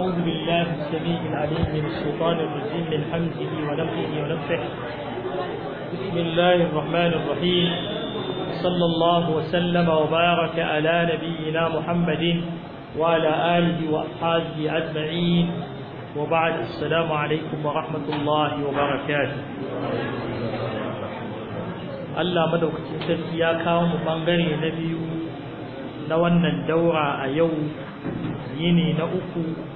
أعوذ بالله السميع العليم من الشيطان الرجيم من حمزه ونفخه ونفخه بسم الله الرحمن الرحيم صلى الله وسلم وبارك على نبينا محمد وعلى آله وأصحابه أجمعين وبعد السلام عليكم ورحمة الله وبركاته Allah madaukakin sarki ya kawo mu bangare na biyu na wannan daura a yau yini na uku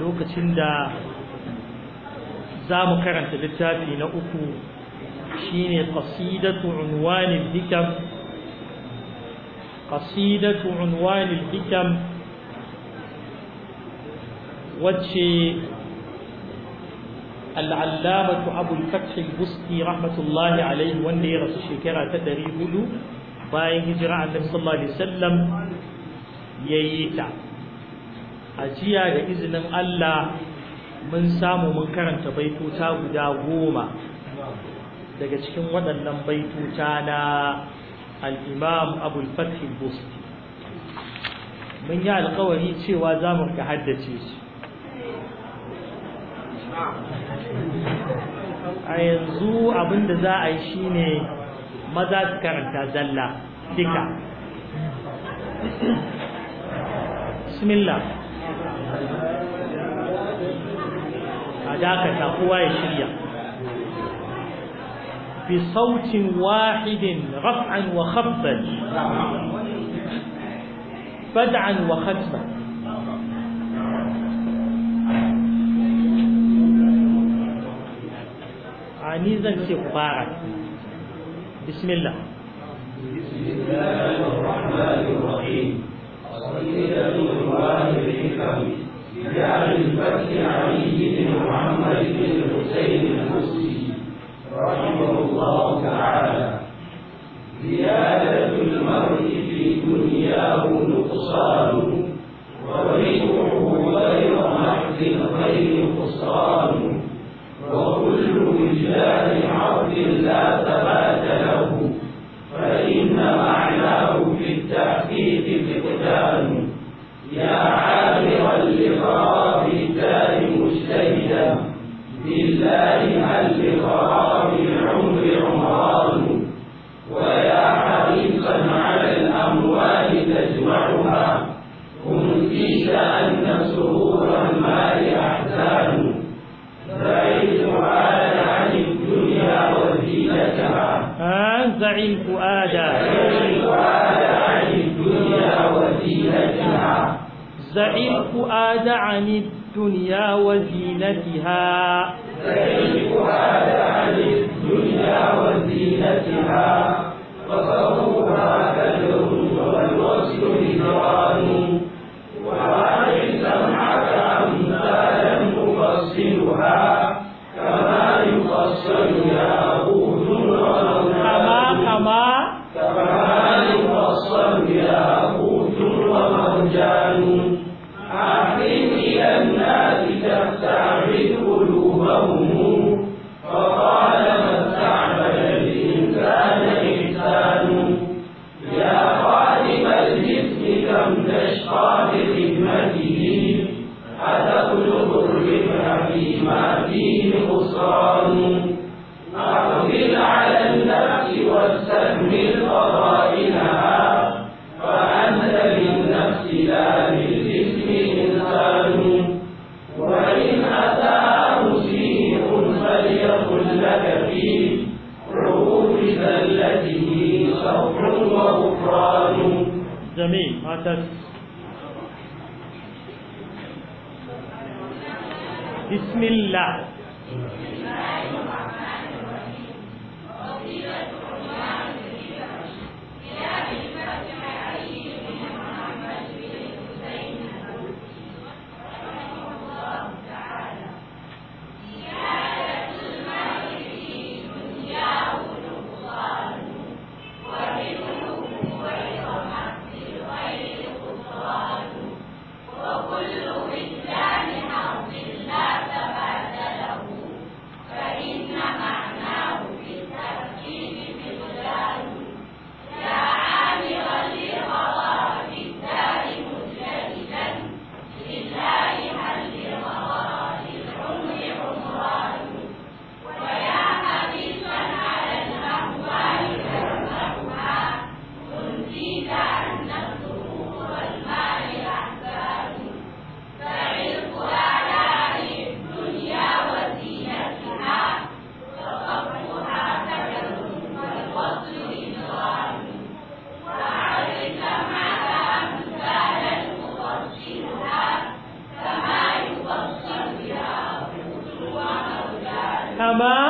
lokacin da za mu karanta littafi na uku shine ne ƙasidatu unwanin hikam wacce al’allamatu abulfaksin buski rahmatullahi alaihi wanda ya rasu shekara ta ɗari hudu bayan hijira annabi sallallahu alaihi wasallam ya yi ta ajiya da izinin Allah mun samu mun karanta baituta guda goma daga cikin waɗannan baituta na al'imam abul busti mun yi alkawari cewa za mu ka haddace su a yanzu abinda za a yi shine maza su karanta zalla duka bismillah هذاك تقوى الشريعة بصوت واحد رفعا وخفضا بدعا وختما عنيزا سيقبارا بسم الله بسم الله الرحمن الرحيم العلم والإعانة لي فؤادا عن الدنيا وزينتها زعل فؤاد عن الدنيا وزينتها وغفران جميل ما بسم الله on.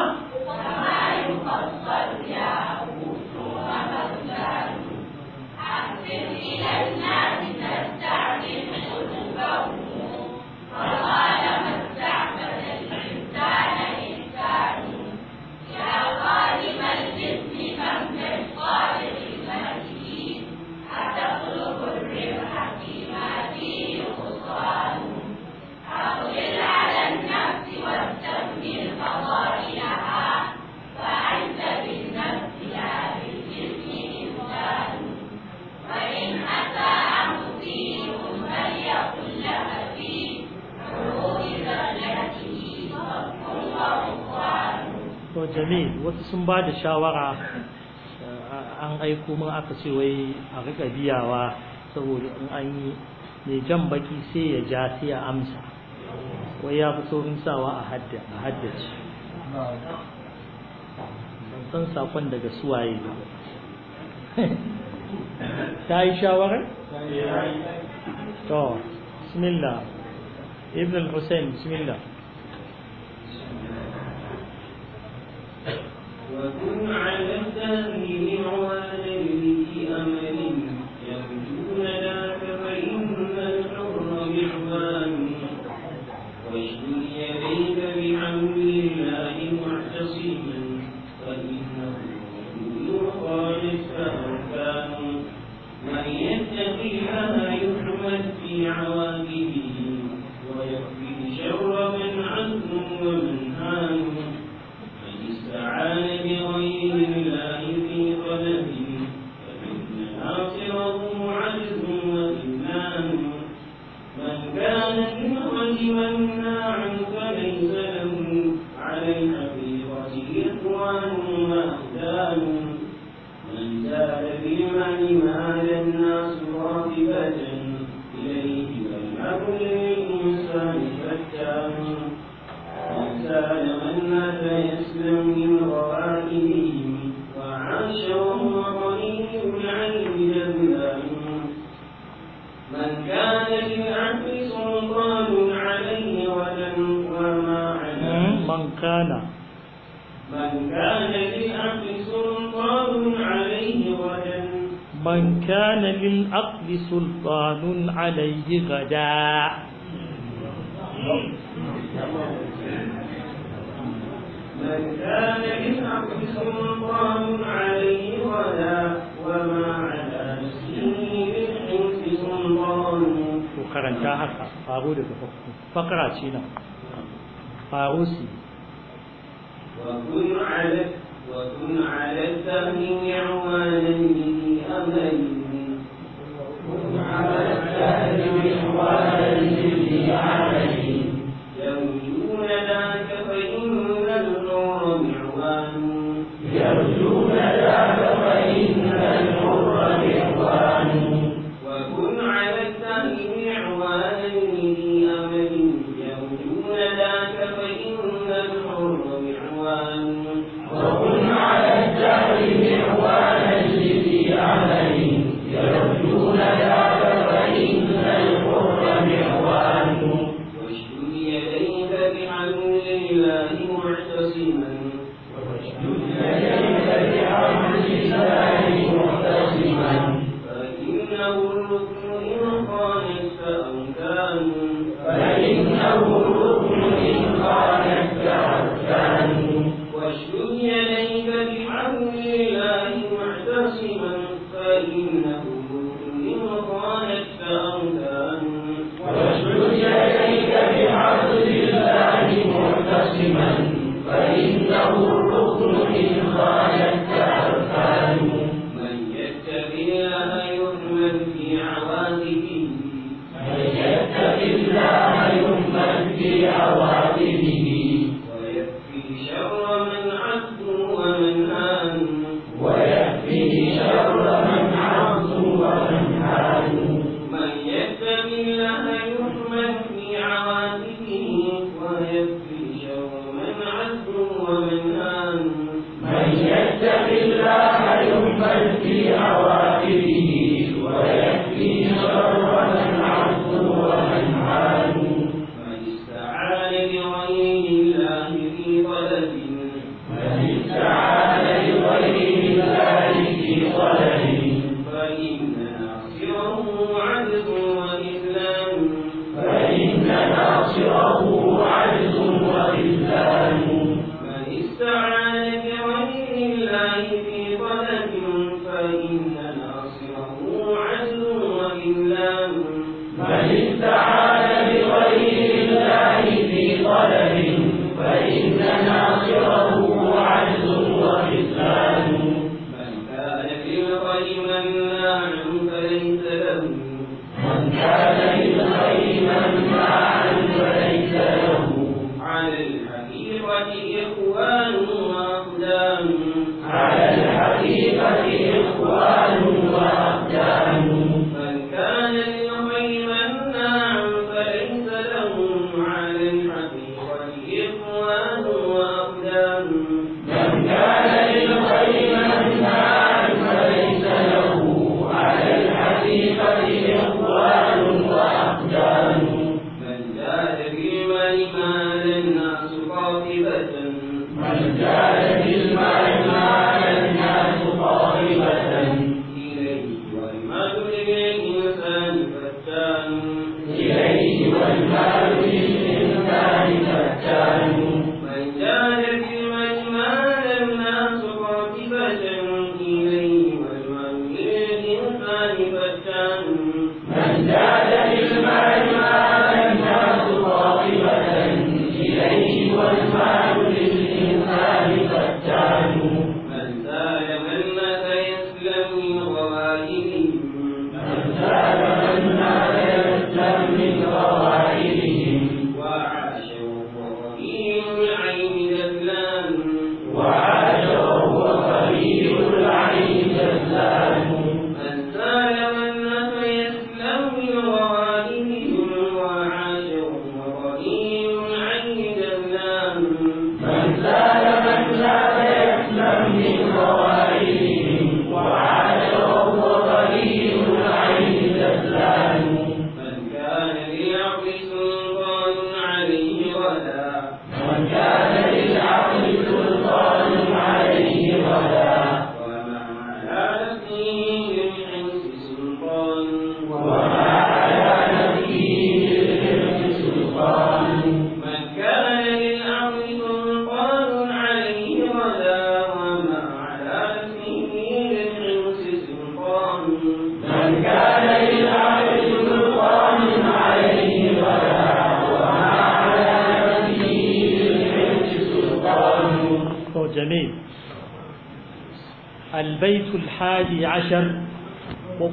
malamai wasu sun ba da shawara eh, an aiko mun aka ce wai a rika biyawa saboda in an yi mai jan baki sai ya ja sai ya amsa wai ya fi saurin sawa a haddace ban san sakon daga suwaye ba ta yi shawarar? to bismillah ibn hussein bismillah وكن على السبيل من كان للعبد سلطان عليه ولا وما على نفسه بالعنف سلطان وكرنتا هكا فارو دغه فقره شينا فاروسي وكن على وكن على الفهم يعوانا به وكن على الفهم يعوانا به فإنه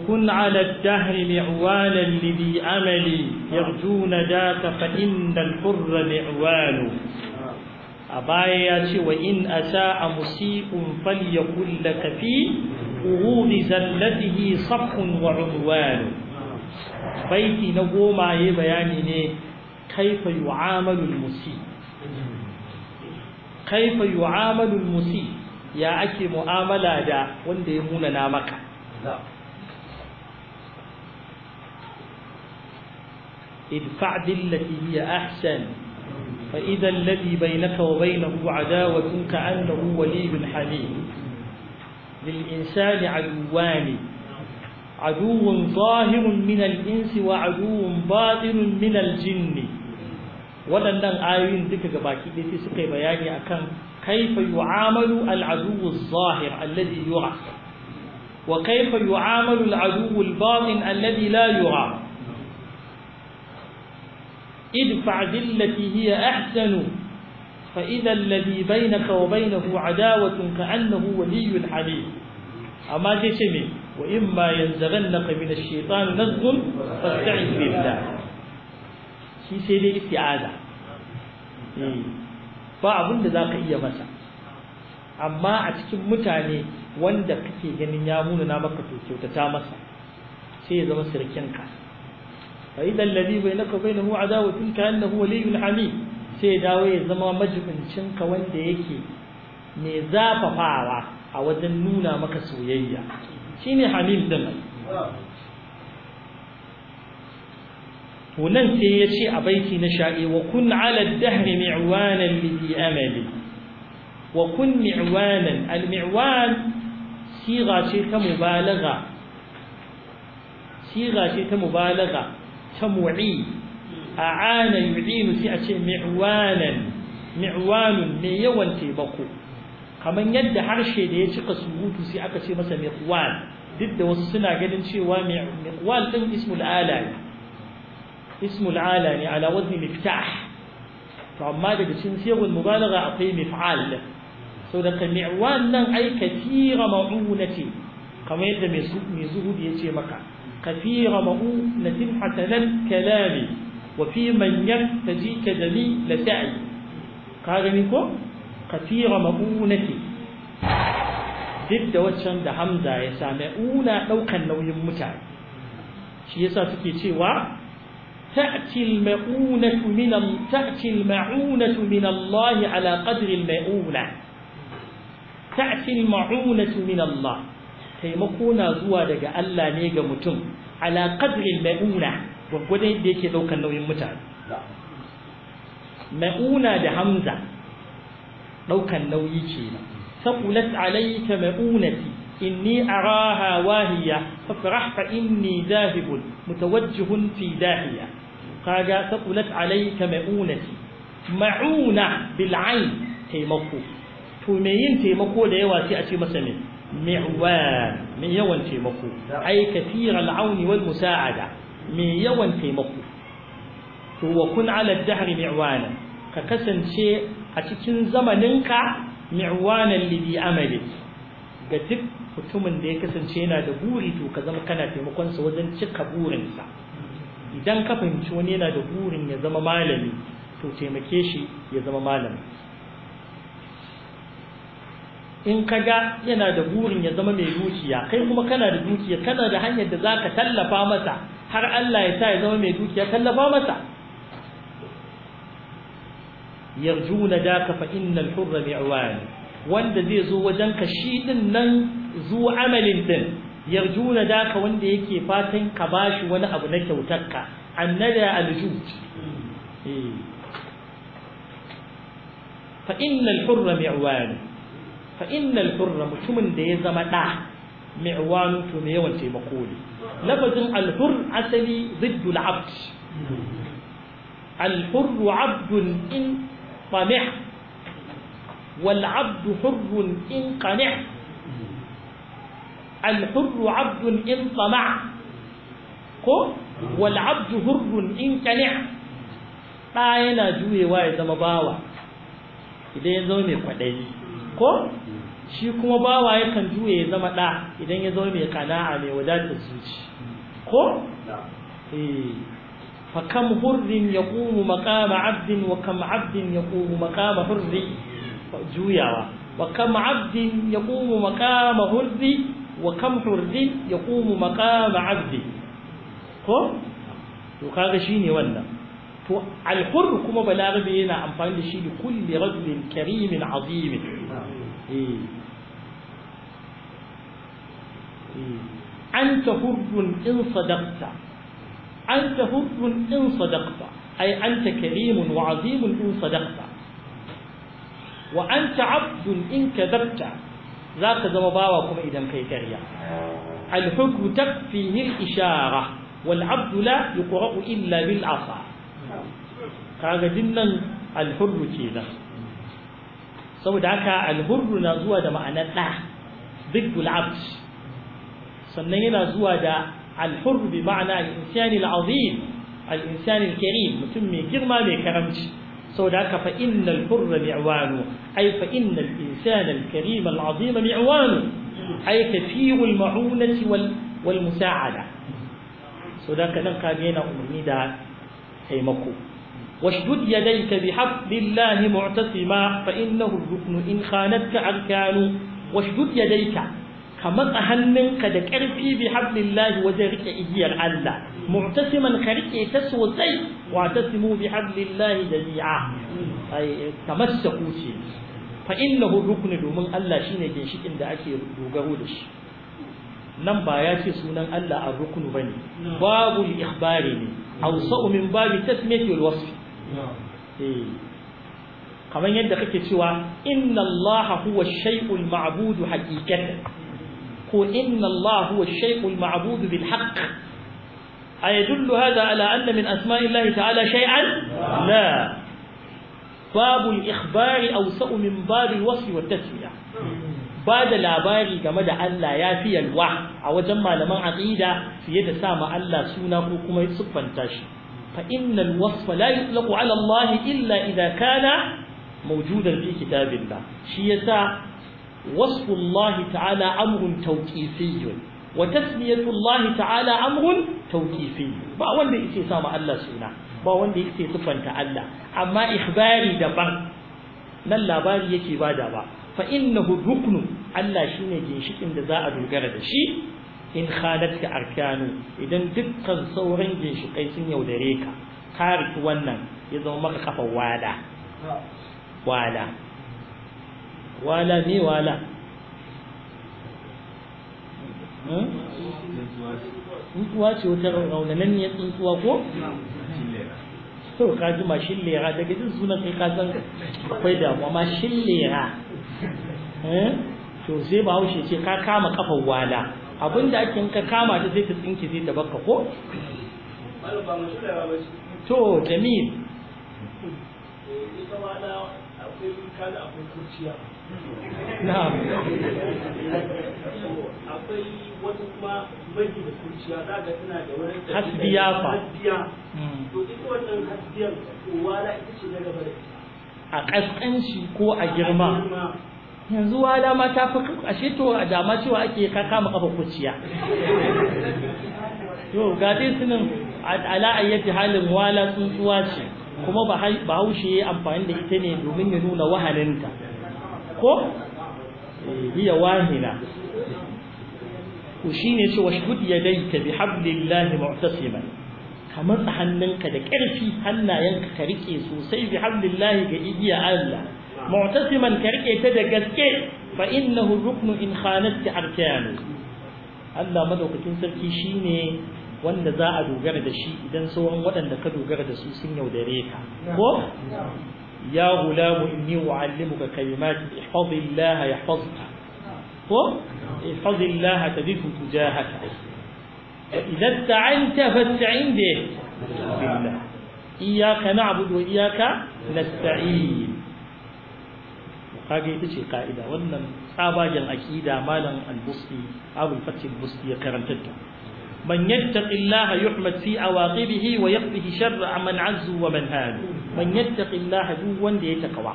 كن على الدهر معوانا لذي أمل يرجون ذاك فإن الحر معوان أبايا وإن أساء مسيء فليقل لك في أغوض زلته صفح وعنوان بيتي نقوم عليه بياني كيف يعامل المسيء كيف يعامل المسيء يا أكي مؤاملة دا وندي موننا مكة ادفع بالتي هي أحسن فإذا الذي بينك وبينه عداوة كأنه ولي حليم للإنسان عدوان عدو ظاهر من الإنس وعدو باطن من الجن ولنن آيين ذكر باكي في سقي بياني أكن كيف يعامل العدو الظاهر الذي يرى وكيف يعامل العدو الباطن الذي لا يرى idfa billati hiya ahsanu fa idha alladhi bainaka wa bainahu adawatun ka annahu waliyyun halim amma sai ce me wa imma yanzaghannaka min ash-shaytan nazghun fasta'iz billah shi sai dai isti'aza ba abin zaka iya masa amma a cikin mutane wanda kake ganin ya muna na maka to kyautata masa sai ya zama sirkinka فإذا الذي بينك وبينه عداوة كأنه ولي الحميد سيدا ويزما مجمع شنك وانت يكي أو فعلا أودنونا مكسويا شيني حميد دم وننتي يشي أبيتي نشائي وكن على الدهر معوانا لذي أملي وكن معوانا المعوان سيغا شيء مبالغة سيغا شيء مبالغة تموعي sai a ce معوانا معوان me yawan taimako kaman yadda harshe da ya cika surutu sai aka ce masa miqwal duk da wasu suna ganin cewa miqwal din ismul ala ne ismul ala ne ala wazni miftah to amma daga cikin sirrul mubalagha akwai mif'al so da nan ai kathira ce kamar yadda mai zuhudi ya ce maka كثير مؤو لتم حسنات كلامي وفي من يرتدي كدمي لتعي قال نيكو كثير مؤونتي duk da waccan da hamza ya same una ɗaukan nauyin mutane shi yasa suke تأتي المعونة من تأتي المعونة من الله على قدر المعونة تأتي المعونة من الله taimako na zuwa daga Allah ne ga mutum ala qadril ma'una gwargwadon yadda yake daukan nauyin mutane ma'una da hamza ɗaukan nauyi ce na saqulat alayka ma'unati inni araha wahiya fafrah fa inni zahibun mutawajjihun fi dahiya kaga saqulat alayka ma'unati ma'una bil ayn taimako to me yin taimako da yawa sai a ce masa ne mi'wan mai yawan taimako ai kathira al'auni wal musa'ada mai yawan taimako to wa kun ala dahr mi'wana ka kasance a cikin zamaninka mi'wanan libi amali ga duk mutumin da ya kasance yana da buri to ka zama kana taimakonsa wajen cika burinsa idan ka fahimci wani yana da burin ya zama malami to taimake shi ya zama malami in ka ga yana da burin ya zama mai dukiya kai kuma kana da dukiya kana da hanyar da zaka tallafa masa har Allah ya sa ya zama mai dukiya tallafa masa yarjuna daka fa innal hurra wanda zai zo wajen ka shi din nan zuwa amalin din yarjuna daka wanda yake fatan ka bashi wani abu na kyautarka annada aljud eh. fa innal hurra mi'wan fa innal hurra mutumin da ya zama da mi'wanu to me yawan taimako ne lafazin al-hurr asali ziddu al-abd al-hurr 'abdun in طمع والعبد حر إن قنع الحر عبد إن طمع والعبد حر إن قنع ɗa yana juyewa ya zama bawa idan ya zama mai kwaɗayi ko shi kuma bawa yakan juye ya zama ɗa idan ya zama mai kana'a mai wadatar zuci ko eh. fa kam hurrin ya ƙumu maƙama abdin wa kam abdin ya ƙumu maƙama hurri juyawa wa kam abdin ya ƙumu maƙama hurri wa kam hurrin ya ƙumu maƙama abdin ko to kaga shine wannan to alhur kuma balarabe yana amfani da shi كريم kulli rajulin karimin azimin أنت حر إن صدقت أنت حر إن صدقت أي أنت كريم وعظيم إن صدقت وأنت عبد إن كذبت ذاك زمباوكم إذا كي الحكم تكفيه الإشارة والعبد لا يقرأ إلا بالعصا kaga dinnan alhurru kenan saboda haka alhurru na zuwa da ma'anar da diggul abd sannan yana zuwa da alhurru bi ma'ana al-insani al-azim al-insani al-karim mutum mai girma mai karamci saboda haka fa innal hurra mi'wanu ay fa innal insana al-karim al-azim mi'wanu ay kafi'u al-ma'unati wal wal musa'ada saboda haka nan kaga yana umarni da taimako washdud yadayka bihablillahi mu'tasima fa innahu ruknu in khanatka arkanu washdud yadayka ka hannunka da karfi bihablillahi wajen rike igiyar Allah mu'tasiman ka rike ta sosai wa tasimu bi hablillahi jami'a ai tamassaku ce fa innahu ruknu domin Allah shine ginshikin da ake dogaro da shi nan ba ya ce sunan Allah a rukunu ba ne babu ikhbari ne hausa min babu tasmiyati wal wasfi eh. kamar yadda kake cewa inna Allah huwa shay'ul ma'bud haqiqatan ko inna Allah huwa shay'ul ma'bud bil haqq ayadullu hada ala anna min asma'illahi ta'ala shay'an la babu al-ikhbari awsa'u min babu al-wasfi wat tasmiyah ba da labari game da Allah ya fi yalwa a wajen malaman aqida fiye da sa ma Allah suna ko kuma siffanta shi fa innal wasfa la yutlaqu ala Allah illa idza kana mawjudan fi kitabillah shi yasa wasfu ta'ala amrun tawqifiyyun wa tasmiyatu ta'ala amrun tawqifiyyun ba wanda yake sa ma Allah suna ba wanda yake siffanta Allah amma ikhbari daban nan labari yake bada ba fa innahu ruknu Allah shine ginshikin da za a dogara da shi in khalat ka arkanu idan dukkan sauran ginshikai sun yaudare ka ka riki wannan ya zama maka kafa wala wala wala ne wala hmm? tsuntsuwa ce wata ne tsuntsuwa ko to ka ji mashin lera daga jin sunan kai ka san akwai damuwa mashin lera eh? to sai haushe ce ka kama kafar wala abinda ake ka kama ta zai ta tsinki zai ta baka ko to jamil eh, hasbiya fa a ƙasƙanci ko a girma yanzu wala ma ta fi ashe to a dama cewa ake ka kama kafa kuciya to ga dai sunan ala ayyati halin wala tsuntsuwa ce kuma ba haushe ya amfani da ita ne domin ya nuna wahalinta ko hiya wahina kushine ce washhud yadayka bihablillahi mu'tasiman kamar hannunka da ƙarfi hannayenka ka rike sosai bihablillahi ga igiya Allah mu'tasiman ka rike ta da gaske fa innahu ruknu in khanat arkanu Allah madaukakin sarki shine wanda za a dogara da shi idan sauran waɗanda ka dogara da su sun yaudare ka ko يا غلام إني أعلمك كلمات احفظ الله يحفظك احفظ الله تدف تجاهك إذا استعنت فاستعن به إياك نعبد وإياك نستعين هذه تشي قاعدة وأن أباجا أكيدا مالا البصري أو الفتح البصري كرمتك من يتق الله يحمد في أواقبه ويقضي شر من عز ومن هاد من يتق الله هو ان يتقوى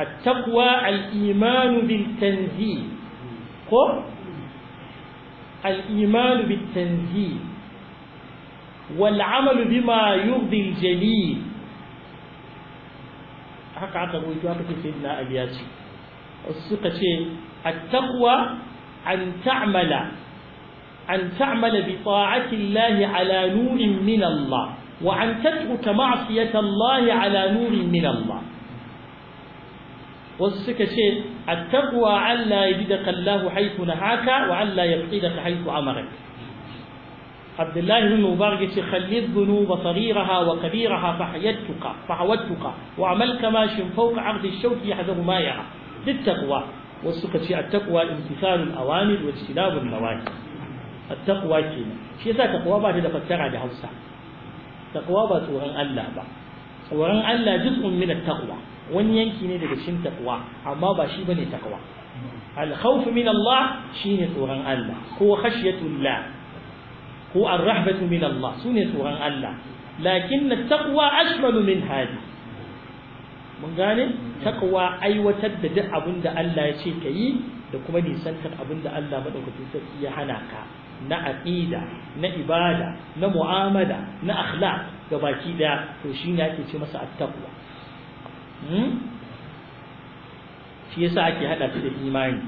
التقوى الايمان بالتنزيل كو الايمان بالتنزيل والعمل بما يرضي الجليل حقا تقول جواب في سيدنا الياسي السقة التقوى أن تعمل أن تعمل بطاعة الله على نور من الله وأن تترك معصية الله على نور من الله وسك شيء التقوى ألا يجدك الله حيث نهاك وألا يفقدك حيث أمرك عبد الله بن مبارك خلي الذنوب صغيرها وكبيرها فحيتك فحوتك وعمل كما فوق عرض الشوك يحذر ما يرى للتقوى وسك شيء التقوى امتثال الأوامر واجتناب النواهي التقوى كينا شيء تقوى بعد فترة هوسه takwa ba tsoron Allah ba tsoron Allah juz'un min at-taqwa wani yanki ne daga cikin takwa amma ba shi bane taqwa al-khawf min Allah shine tsoron Allah ko khashyatullah ko ar-rahbatu min Allah sune tsoron Allah lakin at-taqwa ashmalu min hadi mun gane aiwatar da duk abinda Allah ya ce kayi da kuma nisantar abin da Allah madaukakin sarki ya hana ka na aqida na ibada na mu'amala na akhlaq gabaki daya to shine ake ce masa at hmm shi yasa ake hada shi da imani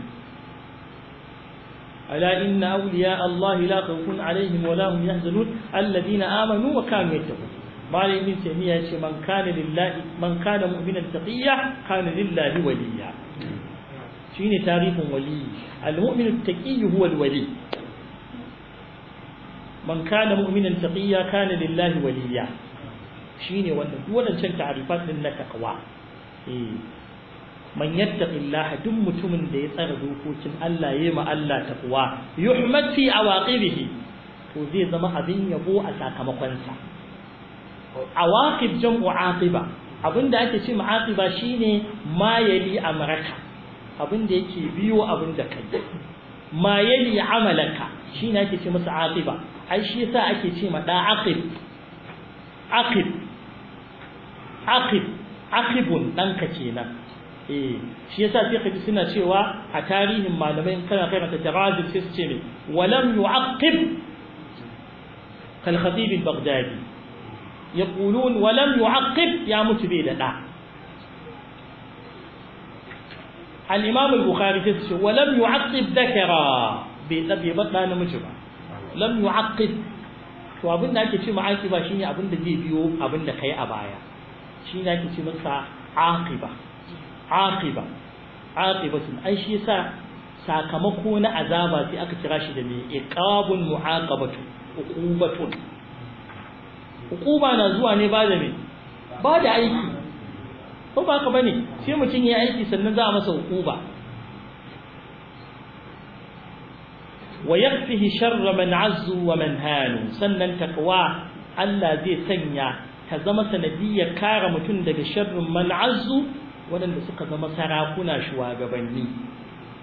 ala inna awliya Allah la khawfun alaihim wa la hum yahzanun alladhina amanu wa kanu yattaqun malai ibn taymiya yace man kana lillahi man kana mu'minan taqiyya kana lillahi waliya shine tarihin wali al-mu'minu at-taqiyyu huwa al-wali man kana mu'minan taqiyya kana lillahi waliya shine wanda duk wadancan ta'arifat din na takwa eh man yattaqillaha duk mutumin da ya tsara dokokin Allah yayi ma Allah takwa yuhmad fi awaqibihi to zai zama abin yabo a sakamakon sa awaqib jam'u aqiba abinda ake ce ma aqiba shine ma yali amraka abinda yake biyo abinda kai ma yali amalaka shine ake ce masa aqiba ai shi yasa ake ce ma da aqib aqib aqib aqibun danka kenan eh shi yasa sai kaji suna cewa a tarihin malamai in kana kai ta tarajim sai su ce ne walam yu'aqib kal khatib al-baghdadi yaqulun walam yu'aqib ya mutu bai da da al-imam al-bukhari sai su ce walam yu'aqib dhakara bai bai bada namiji ba lam yu'aqqib to abin da ake ce ma aqiba shine abin da zai biyo abin da kai a baya shi ake ce masa aqiba aqiba sun ai shi yasa sakamako na azaba sai aka kira shi da me iqabun mu'aqabatu uqubatun uquba na zuwa ne ba da me ba da aiki ko ba ka bane sai mutum ya aiki sannan za a masa uquba wa yakfihi sharra man azzu wa man hanu sannan takwa Allah zai sanya ta zama sanadiyar kare mutum daga sharrin man azzu waɗanda suka zama sarakuna shugabanni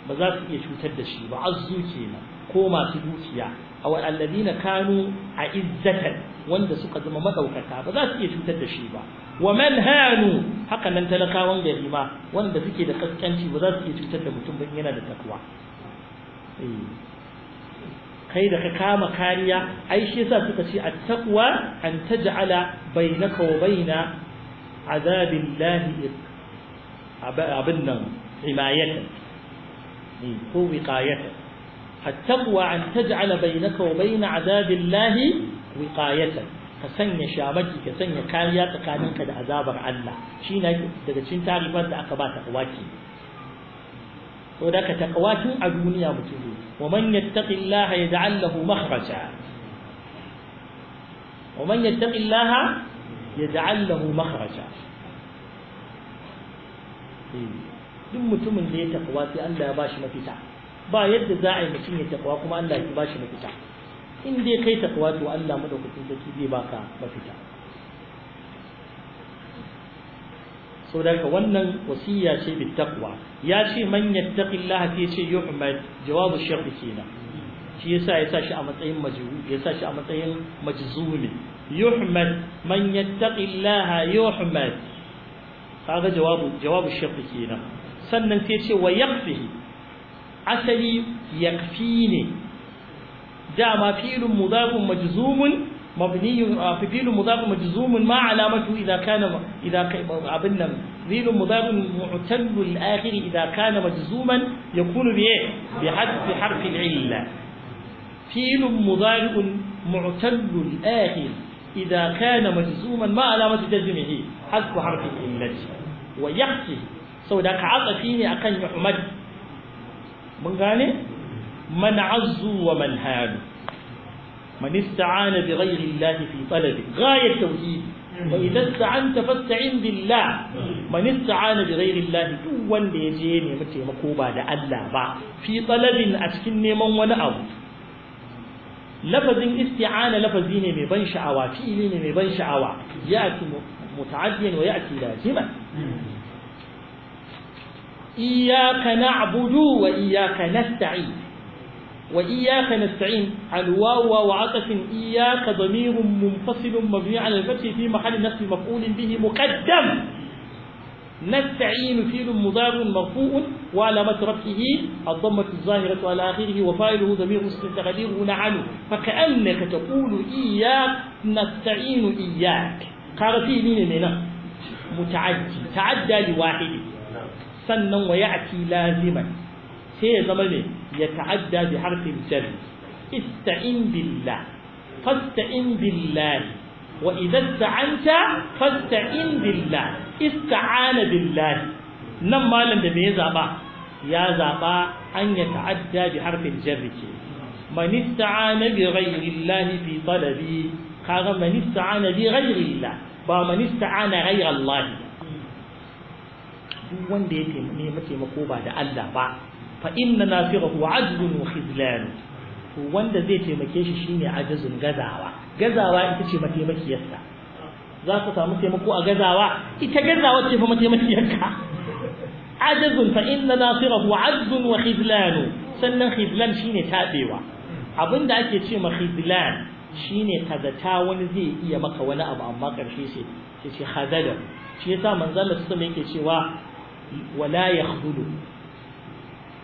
ba za su iya cutar da shi ba azzu kenan ko masu dukiya a na kanu a izzata wanda suka zama maɗaukaka ba za su iya cutar da shi ba wa man hanu haka nan talakawan gari ma wanda suke da kaskanci ba za su iya cutar da mutum ba yana da takwa kai da ka kama kariya ai shi yasa suka ce at-taqwa an taj'ala bainaka wa baina azabillahi abin nan himayatan ko wiqayatan at-taqwa an taj'ala bainaka wa baina azabillahi wiqayatan ka sanya shamaki ka sanya kariya tsakaninka da azabar Allah shi ne daga cikin tarifar da aka ba ta waki to da ka takawa tun a duniya mutum ne wa man yattaqillaha yaj'al lahu makhraja wa man yattaqillaha yaj'al lahu makhraja eh, duk mutumin da ya takawa sai Allah ya bashi mafita ba yadda za a yi mutum ya takawa kuma Allah ya bashi mafita in dai kai takawa to Allah madaukakin sarki zai baka mafita Sau da, ka wannan wasiya ce bi taqwa ya ce man yattaqillah fi ce yuhmad jawabu shaykh kenan shi yasa ya sa shi a matsayin majhul ya sa shi a matsayin majzumi yuhmad man yattaqillah yuhmad kaga jawabu jawabu shaykh kenan sannan sai ce wa yakfihi asali yakfi ne dama fi'lun mudafun majzumun مبني آه، في فعل مضاف مجزوم ما علامته إذا كان إذا كان فعل مضاف معتل الآخر إذا كان مجزوما يكون بإيه؟ بحذف حرف العلة فعل مضاف معتل الآخر إذا كان مجزوما ما علامة جزمه حذف حرف العلة ويحكي سو ذاك عطفيني أكن يحمد من غاني من عزوا ومن هادوا من استعان بغير الله في طلبه غاية التوحيد وإذا استعنت فاستعن بالله من استعان بغير الله تو ليجيني متي مكوبا لألا با في طلب أسكني من ولا أو لفظ استعان لفظين من بن شعوى فيلين من بن شعوى يأتي متعديا ويأتي لازما إياك نعبد وإياك نستعين وإياك نستعين الواو وعطف إياك ضمير منفصل مبني على الفتح في محل نفس مفعول به مقدم نستعين فيل مضار مرفوع وعلامة رفعه الضمة الظاهرة على آخره وفاعله ضمير استقديره نعم فكأنك تقول إياك نستعين إياك قال فيه مين منا متعدي تعدى لواحد نعم. سنا ويأتي لازما سيزمني يتعدى بحرف الجر استعن بالله فاستعن بالله وإذا استعنت فاستعن بالله استعان بالله nan malam da me ya zaba ya zaba an ya ta'adda bi harfin jarri ke man ista'ana bi ghayri Allah fi talabi kaga man ista'ana bi ghayri Allah ba man ista'ana ghayra duk wanda yake ba da Allah ba fa inna nafirahu ajzun wa khizlan to wanda zai taimake shi shi ne ajazun gazawa gazawa ita ce mataimakiyarsa za ka samu taimako a gazawa ita gazawa ce fa mataimakiyarka ajazun fa inna nafirahu ajzun wa khizlan sannan khizlan shine tabewa abinda ake ce ma Shi ne kazata wani zai iya maka wani abu amma karshe sai ce hazada shi ya sa Allah sallallahu alaihi yake cewa wala yakhdulu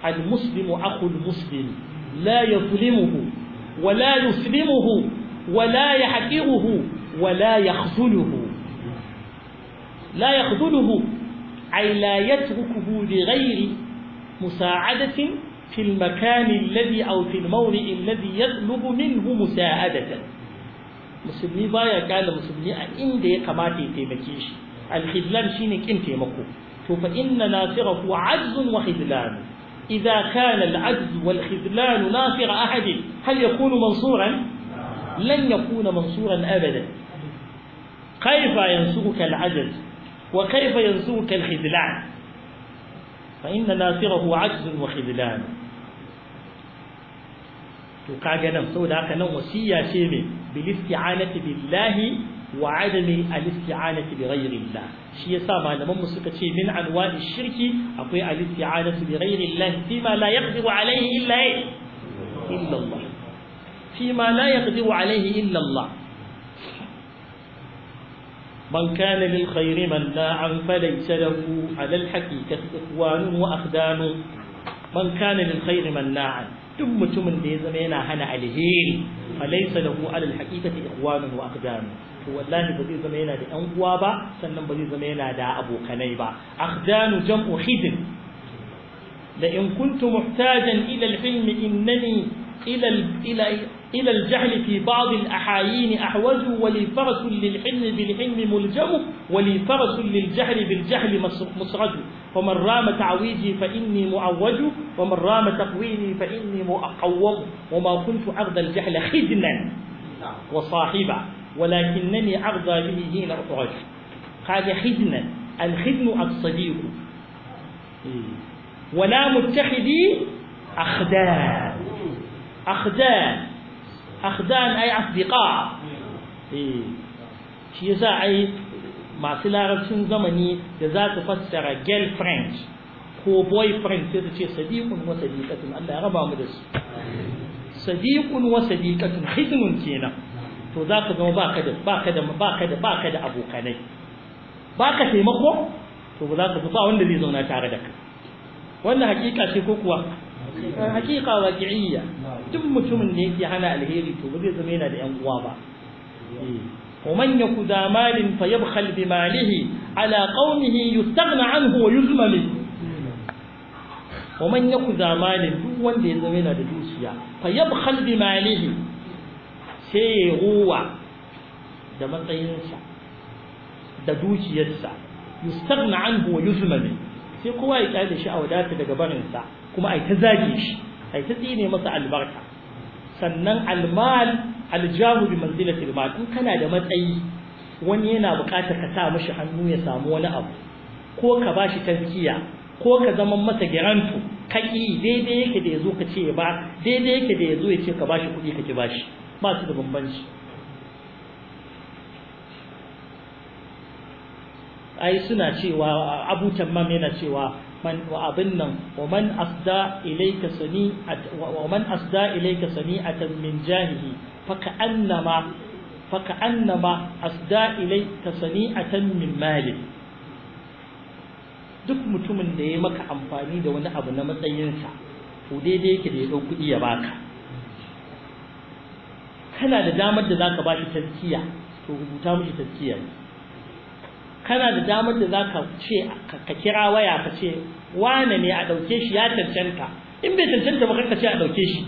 المسلم أخو المسلم لا يظلمه ولا يسلمه ولا يحقره ولا يخذله لا يخذله أي لا يتركه لغير مساعدة في المكان الذي أو في الموضع الذي يطلب منه مساعدة مسلمي بايا قال مسلمي أن دي ya kamata الخذلان taimake shi alkhidlan shine kin ناصره عجز وخذلان إذا كان العجز والخذلان ناصر أحد هل يكون منصورا لن يكون منصورا أبدا كيف ينصرك العجز وكيف ينصرك الخذلان فإن ناصره عجز وخذلان to kaga nan saboda بالاستعانه بالله وعدم الاستعانة بغير الله شيء سامع لما مسكتي من أنواع الشرك أقول الاستعانة بغير الله فيما لا يقدر عليه إلا إيه؟ إلا الله فيما لا يقدر عليه إلا الله من كان للخير مناعا فليس له على الحقيقة إخوان وأخدان من كان للخير مناعا duk mutumin da ya zama yana hana alheri falaisa lahu alal haqiqati to wallahi ba zai zama yana da ɗan uwa ba sannan ba zai zama yana da abokanai ba akhdanu jam'u hidin la in kuntu muhtajan ila al-ilm innani ila ila ila al-jahl fi ba'd al-ahayin ahwaju wa li farasu lil-ilm bil-ilm muljamu wa li farasu lil-jahl bil-jahl musraju فمن رام rama taqwini fa inni mu'aqawwam wa ma kuntu وما al-jahl الجهل wa sahiba ولكنني أرضى به حين أطعش قال خدمة الخدم الصديق ولا متخذي أخدان أخدان أخدان أي أصدقاء شيء زاي مع سلا رسم زمني جزات فسر جيل فرنش هو بوي فرنش هذا شيء صديق وصديقة الله ربا مدرس صديق وصديقة خدم كينا to za ka zama ba ka da abokanai ba ka taimako to ba za ka ba wanda zai zauna tare da ka wannan hakika ce ko kuwa hakika waqi'iyya duk mutumin da yake hana alheri to ba zai zama yana da yan uwa ba ومن يك ذا مال فيبخل بماله على قومه يستغنى عنه ويذم منه ومن يك ذا مال duk wanda ya zama yana da dukiya fayabkhal bi malihi sai ruwa da matsayinsa da dukiyarsa yustaghna anhu wa sai kowa ya kyale shi a wadata daga barinsa kuma aita ta zage shi aita ta tsine masa albarka sannan almal aljahu bi manzilati almal in kana da matsayi wani yana buƙatar ka sa mishi hannu ya samu wani abu ko ka bashi tarkiya ko ka zama masa giranto kaki daidai yake da yazo ka ce ba daidai yake da zo ya ce ka shi, kuɗi ka ki shi. ba su da bambanci ai suna cewa abutan mam yana cewa man wa abin nan wa man asda ka sani a man asda ilayka sani'atan min jahihi faka annama ka sani asda ilayka sani'atan min mali duk mutumin da ya maka amfani da wani abu na matsayinsa to daidai yake da ya ɗau kuɗi ya baka kana da damar da zaka bashi tazkiya to rubuta mishi tazkiya kana da damar da zaka ce ka kira waya ka ce wane ne a dauke shi ya cancanta in bai cancanta ba ka ce a dauke shi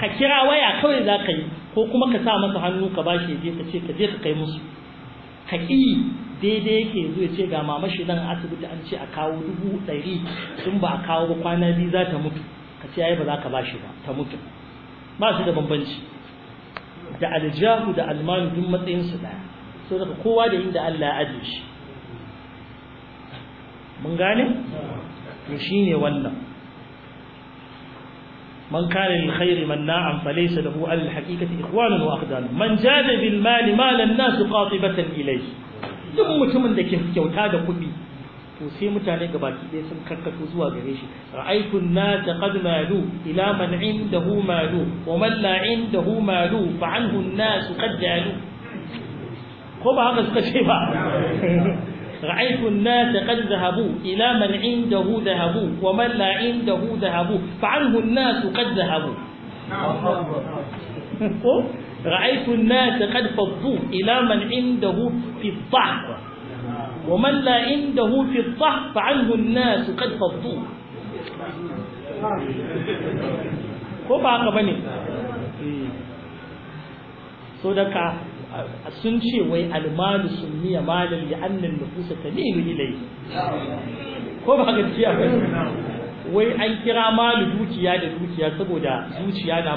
ka kira waya kawai zaka yi ko kuma ka sa masa hannu ka bashi je ka ce ka je ka kai musu ka daidai yake yanzu ya ce ga mama shi nan asibiti an ce a kawo dubu ɗari sun ba a kawo ba kwana biyu za ta mutu ka ce ai ba za ka bashi ba ta mutu ba su da bambanci da aljahu da almanu duk matsayin su daya daga kowa da inda Allah ya aje shi mun gane to shine wannan man kana lil khairi manna'an falaysa lahu al haqiqati ikhwanun wa da man jada bil mali malan nas qatibatan ilayhi duk mutumin da ke kyauta da kuɗi to sai mutane gabaki ɗaya sun karkato zuwa gare shi ra'aytun nasa qad malu ila man indahu malu wa man la indahu malu fa anhu an-nas qad jalu ko ba haka suka ce ba ra'aytun nasa qad zahabu ila man indahu zahabu wa man la indahu zahabu fa anhu an-nas qad zahabu ko ra'aytun nasa qad faddu ila man indahu fi dhahra ومن لا عنده في الضح فعنه الناس قد فضوه ko ba haka bane so daga sun ce wai almalu sunniya malan ya annan ta tamilu ilai ko ba haka ciya ne, wai an kira malu dukiya da dukiya saboda zuciya na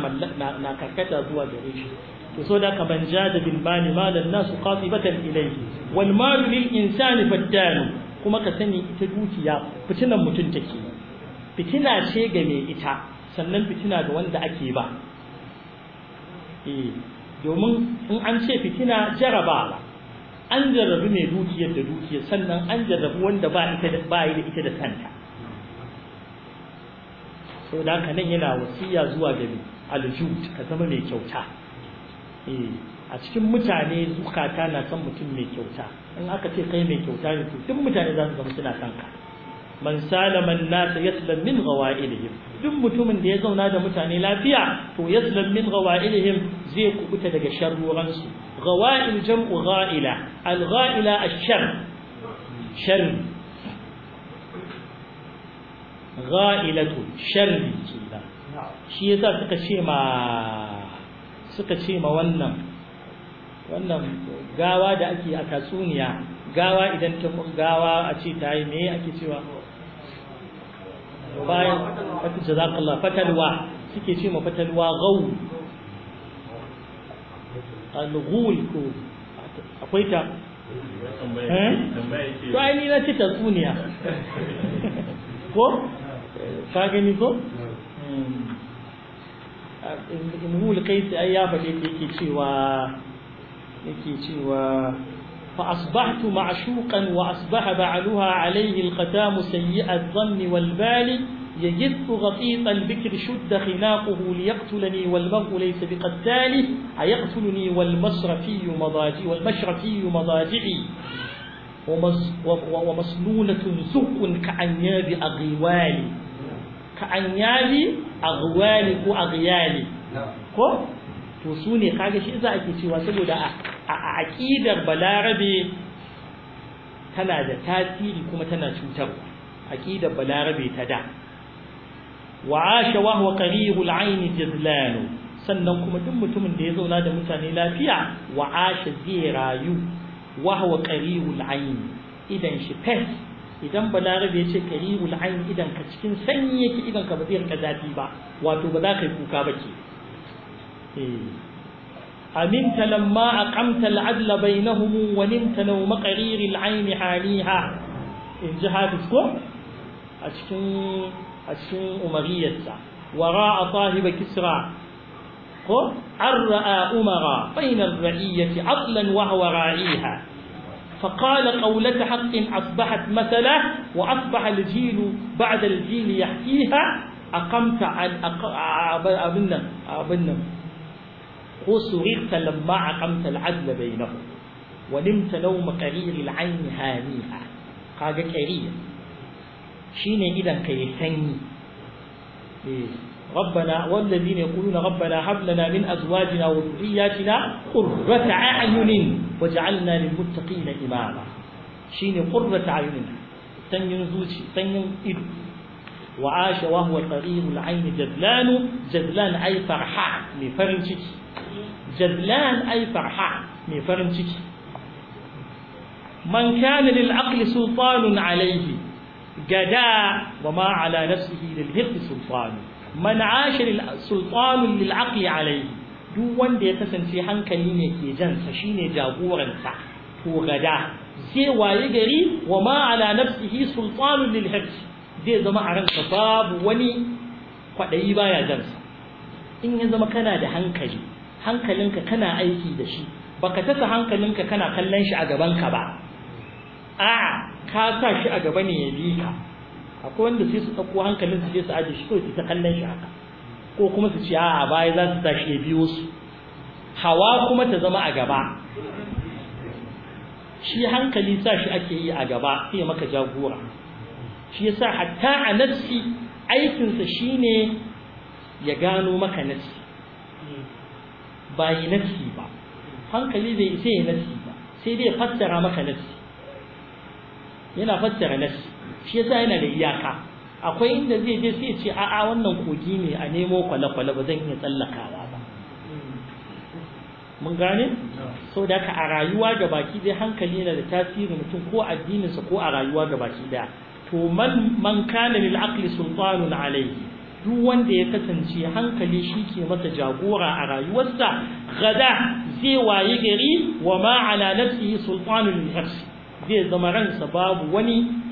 na karkata zuwa gare shi to so da ka ban jada bin bani malan nasu qatibatan ilayhi wal malu lil insani faddan kuma ka sani ita dukiya fitinan mutun take fitina ce ga me ita sannan fitina ga wanda ake ba eh domin in an ce fitina jaraba an jarrabi mai dukiyar da dukiyar sannan an jarrabi wanda ba ita da ba da ita da kanta saboda haka nan yana wasiya zuwa ga al-jud ka zama mai kyauta Eh, a cikin mutane zukata na son mutum mai kyauta in aka ce kai mai kyauta ne duk mutane za su zama suna son ka man salama an-nas yaslam min ghawailihim duk mutumin da ya zauna da mutane lafiya to yaslam min ghawailihim zai kubuta daga sharruran su ghawail jam'u ghaila al-ghaila ash-shar shar ghailatu shar shi yasa suka ce ma suka ce ma wannan wannan gawa da ake a tatsuniya gawa idan ta gawa a ce ta yi meye ake cewa bayan fata jazakallah fatalwa suke ce ma fatalwa gawu al-ghul ko akwai ta eh? to ai ni na ce tatsuniya ko ka gani ko hmm. imul qaisi ai ya faɗi da yake cewa yake cewa fa asbahtu ma'shuqan wa asbaha ba'luha alayhi alqatam sayyi'a adh-dhanni wal bali يجد غطيط البكر شد خناقه ليقتلني والمرء ليس بقتاله أيقتلني والمشرفي مضاجعي والمشرفي مضاجعي ومسنونة سوء كأنياب أغيوالي كأنياب aghwali ko aghyali ko to su ne kaga shi za ake cewa saboda a aqidar balarabe tana da tasiri kuma tana cutar aqidar balarabe ta da wa asha wa huwa qarihul ayn jazlan sannan kuma duk mutumin da ya zauna da mutane lafiya wa asha zai rayu wa huwa qarihul ayn idan shi fes idan balarabe ya ce karihul ain idan ka cikin sanyi yake idan ka ba zai rika zafi ba wato ba za ka yi kuka ba ke eh. aminta lamma aqamta na bainahum wa nimta law maqarir al'ain haliha in ji hafiz ko a cikin a wara a wara'a sahiba kisra ko an ra'a umara bainar ra'iyyati adlan wa huwa ra'iha فقال قولة حق أصبحت مثلا وأصبح الجيل بعد الجيل يحكيها أقمت عن أبنا أبنا وصغرت لما أقمت العدل بينهم ونمت نوم قرير العين هانيها قال كرير شين إذا كي إيه ربنا والذين يقولون ربنا هب لنا من أزواجنا وذرياتنا قرة أعين وجعلنا للمتقين إماما شين قرة أعين تنين زوجي تنين إدو وعاش وهو صغير العين جذلان جذلان أي فرحان من فرنشك جذلان أي فرحان من فرنشك من كان للعقل سلطان عليه جدا وما على نفسه للهرد سلطان man asha sultanun lil aqli alayhi duk wanda ya kasance hankali ne ke jansa shine jagoranta, to gada sai waye gari wa ma ala nafsihi sultanun lil hifz zai zama a ranka babu wani kwadayi baya jansa in ya zama kana da hankali hankalinka kana aiki da shi baka tasa hankalinka kana kallon shi a gabanka ba a'a ka sa shi a gaba ne ya bi ka akwai wanda sai su ɗauko hankalin su je su aje shi kawai su ta kallon shi haka ko kuma su ce a baya za su tashi ya biyo su hawa kuma ta zama a gaba shi hankali sa shi ake yi a gaba sai maka jagora shi yasa hatta a nafsi aikinsa shine ya gano maka nafsi ba yi nafsi ba hankali bai sai ya nafsi ba sai dai ya fassara maka nafsi yana fassara nafsi shi yasa yana da iyaka akwai inda zai je sai ce a'a wannan kogi ne a nemo kwale-kwale ba zan iya tsallakawa ba mun gane sau da ka a rayuwa ga baki dai hankali yana da tasiri mutum ko addininsa ko a rayuwa ga baki daya to man man kana lil aqli sultanun alayhi duk wanda ya kasance hankali shi ke masa jagora a rayuwarsa gada zai waye gari wa ma ala nafsihi sultanun nafsi zai zama ransa babu wani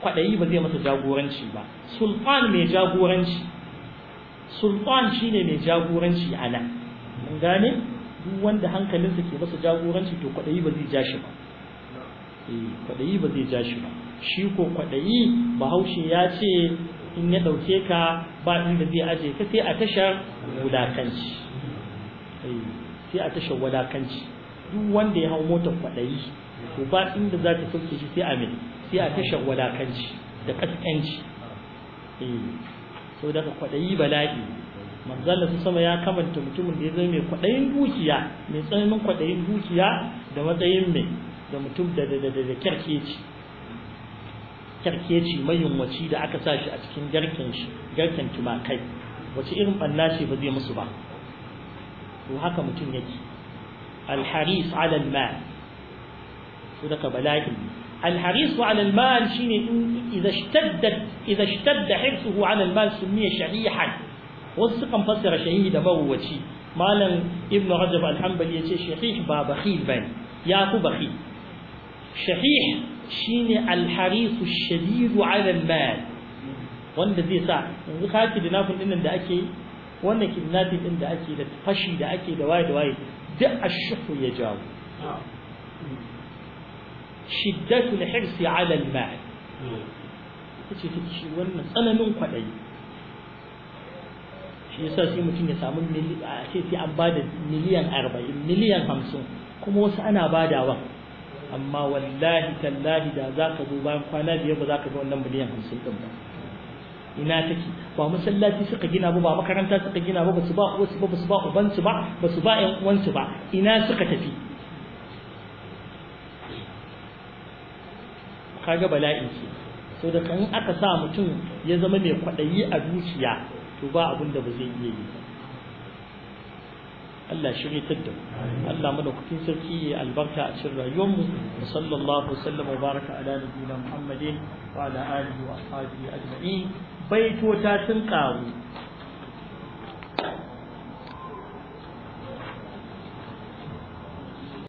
kwaɗayi ba zai masa jagoranci ba sultan mai jagoranci sultan shine mai jagoranci a nan mun gane duk wanda hankalinsa ke masa jagoranci to kwaɗayi ba zai ja shi ba eh, kwaɗayi ba zai ja shi ba shi ko kwaɗayi bahaushe ya ce in ya ɗauke ka ba inda zai aje ka sai a tashar wulakanci eh, sai a tashar wulakanci duk wanda ya hau motar kwaɗayi to ba inda za ta sauke shi sai a mai sai a tashar wadakanci da kaskanci eh, sau daga kwaɗayi bala'i manzala su sama ya kamanta mutumin da ya zama mai kwaɗayin dukiya mai tsananin kwaɗayin dukiya da matsayin mai da mutum da da da kyarkeci kyarkeci mayunwaci da aka sa shi a cikin garken shi garken tumakai wace irin ɓanna ce ba zai musu ba to haka mutum yake alharis alal ma su daga bala'i الحريص على المال شيني إذا اشتد إذا اشتد حرصه على المال سمي شحيحا وسقم شهيدا شهيد موتي مالا ابن رجب الحنبلي يجي شحيح با بخيل يا أبو بخيل شحيح شين الحريص الشديد على المال wanda zai sa yanzu ka ki dinafin dinnan da ake wannan kidnapping din da ake da fashi da ake da waye da waye duk ya jawo shiddatul hirsi ala al Ita ce ta ci wannan tsananin kwaɗayi. shi yasa sai mutum ya samu a ce sai an bada miliyan arba'in miliyan hamsin kuma wasu ana badawa amma wallahi tallahi da za ka zo bayan kwana biyar ba za zaka ga wannan miliyan hamsin din ba ina take ba masallaci suka gina ba ba makaranta suka gina ba basu ba wasu ba basu ba ubansu ba su ba ƴan uwansu ba ina suka tafi kaga bala'in ce so da kan aka sa mutum ya zama mai kwaɗayi a zuciya, to ba abin da ba zai iya yi Allah shiryatar da mu Allah madaukakin sarki ya albarka a cikin rayuwar mu sallallahu sallam wa baraka ala nabiyina muhammadin wa ala alihi wa ashabihi ajma'in ta sun karu